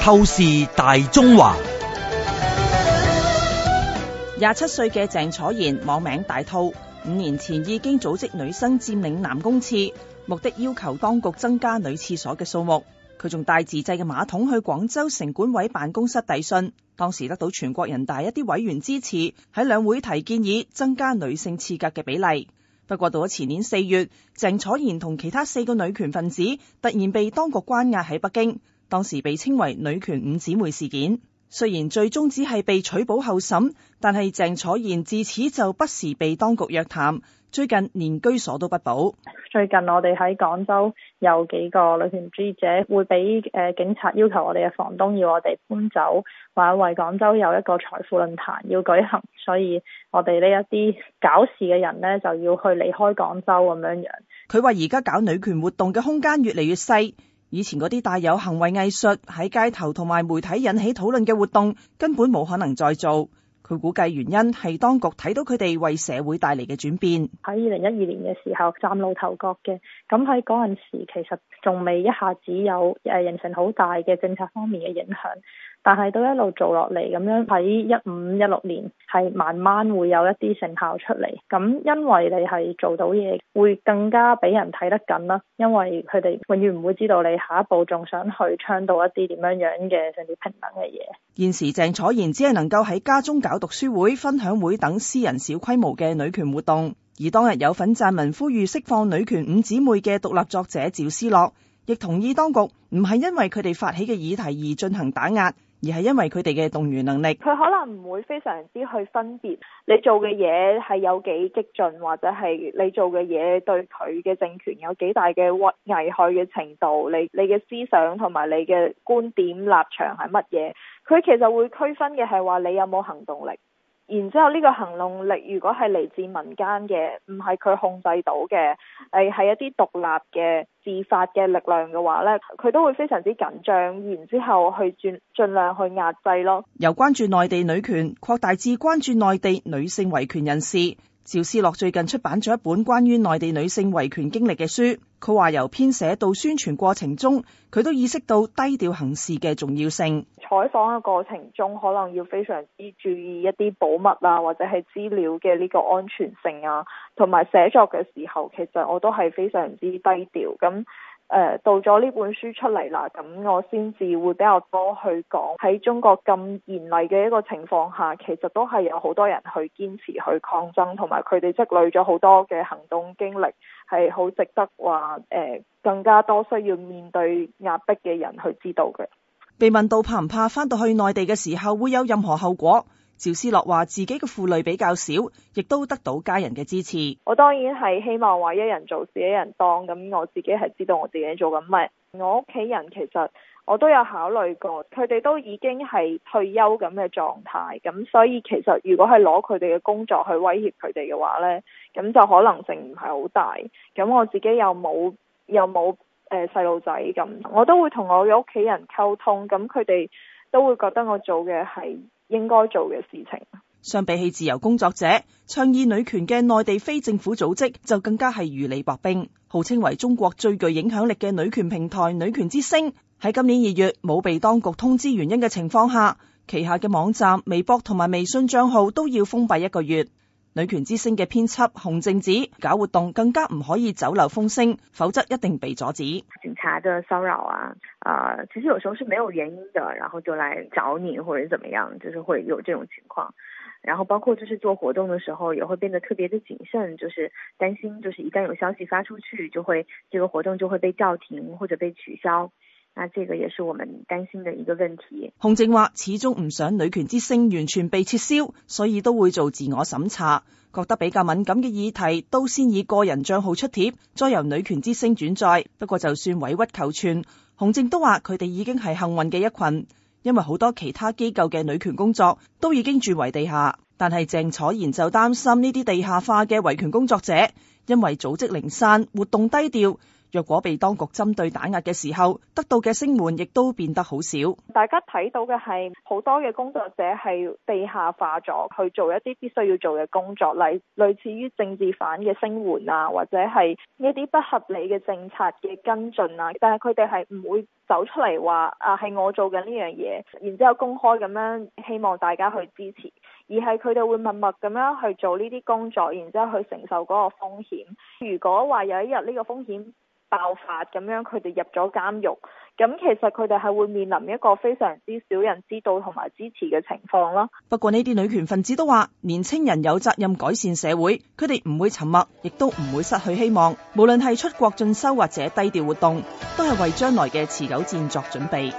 透視大中華。廿七歲嘅鄭楚然網名「大兔」，五年前已經組織女生佔領男公廁，目的要求當局增加女廁所嘅數目。佢仲帶自製嘅馬桶去廣州城管委辦公室遞信，當時得到全國人大一啲委員支持，喺兩會提建議增加女性廁格嘅比例。不過到咗前年四月，鄭楚然同其他四個女權分子突然被當局關押喺北京。當時被稱為女權五姊妹事件，雖然最終只係被取保候審，但係鄭楚然自此就不時被當局約談，最近連居所都不保。最近我哋喺廣州有幾個女權主義者，會俾誒警察要求我哋嘅房東，要我哋搬走，話為廣州有一個財富論壇要舉行，所以我哋呢一啲搞事嘅人呢，就要去離開廣州咁樣樣。佢話而家搞女權活動嘅空間越嚟越細。以前嗰啲帶有行為藝術，喺街頭同埋媒體引起討論嘅活動，根本冇可能再做。佢估計原因係當局睇到佢哋為社會帶嚟嘅轉變。喺二零一二年嘅時候，嶄露頭角嘅，咁喺嗰陣時其實仲未一下子有誒形成好大嘅政策方面嘅影響。但係都一路做落嚟，咁樣喺一五一六年係慢慢會有一啲成效出嚟。咁因為你係做到嘢，會更加俾人睇得緊啦。因為佢哋永遠唔會知道你下一步仲想去倡導一啲點樣樣嘅甚至平等嘅嘢。現時鄭楚然只係能夠喺家中搞讀書會、分享會等私人小規模嘅女權活動。而當日有份撰文呼籲釋放女權五姊妹嘅獨立作者趙思樂，亦同意當局唔係因為佢哋發起嘅議題而進行打壓。而係因為佢哋嘅動員能力，佢可能唔會非常之去分別你做嘅嘢係有幾激進，或者係你做嘅嘢對佢嘅政權有幾大嘅危害嘅程度。你你嘅思想同埋你嘅觀點立場係乜嘢？佢其實會區分嘅係話你有冇行動力。然之後呢個行動力如果係嚟自民間嘅，唔係佢控制到嘅，誒係一啲獨立嘅自發嘅力量嘅話呢，佢都會非常之緊張，然之後去盡盡量去壓制咯。由關注內地女權擴大至關注內地女性維權人士。趙思樂最近出版咗一本關於內地女性維權經歷嘅書，佢話由編寫到宣傳過程中，佢都意識到低調行事嘅重要性。採訪嘅過程中，可能要非常之注意一啲保密啊，或者係資料嘅呢個安全性啊，同埋寫作嘅時候，其實我都係非常之低調咁。誒到咗呢本書出嚟啦，咁我先至會比較多去講。喺中國咁嚴厲嘅一個情況下，其實都係有好多人去堅持去抗爭，同埋佢哋積累咗好多嘅行動經歷，係好值得話、呃、更加多需要面對壓迫嘅人去知道嘅。被問到怕唔怕返到去內地嘅時候會有任何後果？趙思樂話：自己嘅負累比較少，亦都得到家人嘅支持。我當然係希望話一人做事一人當，咁我自己係知道我自己做緊乜。我屋企人其實我都有考慮過，佢哋都已經係退休咁嘅狀態，咁所以其實如果係攞佢哋嘅工作去威脅佢哋嘅話呢，咁就可能性唔係好大。咁我自己又冇又冇誒細路仔咁，我都會同我嘅屋企人溝通，咁佢哋都會覺得我做嘅係。應該做嘅事情。相比起自由工作者，倡議女權嘅內地非政府組織就更加係如履薄冰。號稱為中國最具影響力嘅女權平台「女權之聲」喺今年二月冇被當局通知原因嘅情況下，旗下嘅網站、微博同埋微信帳號都要封閉一個月。女權之星嘅編輯洪靜指，搞活動更加唔可以走漏風聲，否則一定被阻止。警察嘅騷擾啊，其實有時候是沒有原因的，然後就來找你或者怎麼樣，就是會有這種情況。然後包括就是做活動的時候，也會變得特別的謹慎，就是擔心就是一旦有消息發出去，就會這個活動就會被叫停或者被取消。那這個也是我們擔心的一個問題。洪靜話：始終唔想女權之聲完全被撤銷，所以都會做自我審查。覺得比較敏感嘅議題，都先以個人賬號出帖，再由女權之聲轉載。不過就算委曲求全，洪靜都話佢哋已經係幸運嘅一群，因為好多其他機構嘅女權工作都已經轉為地下。但係鄭楚然就擔心呢啲地下化嘅維權工作者，因為組織零散、活動低調。若果被當局針對打壓嘅時候，得到嘅聲援亦都變得好少。大家睇到嘅係好多嘅工作者係地下化咗，去做一啲必須要做嘅工作，例如類似於政治犯嘅聲援啊，或者係一啲不合理嘅政策嘅跟進啊。但係佢哋係唔會走出嚟話啊，係我做緊呢樣嘢，然之後公開咁樣希望大家去支持，而係佢哋會默默咁樣去做呢啲工作，然之後去承受嗰個風險。如果話有一日呢個風險，爆發咁樣，佢哋入咗監獄，咁其實佢哋係會面臨一個非常之少人知道同埋支持嘅情況囉。不過呢啲女權分子都話，年青人有責任改善社會，佢哋唔會沉默，亦都唔會失去希望。無論係出國進修或者低調活動，都係為將來嘅持久戰作準備。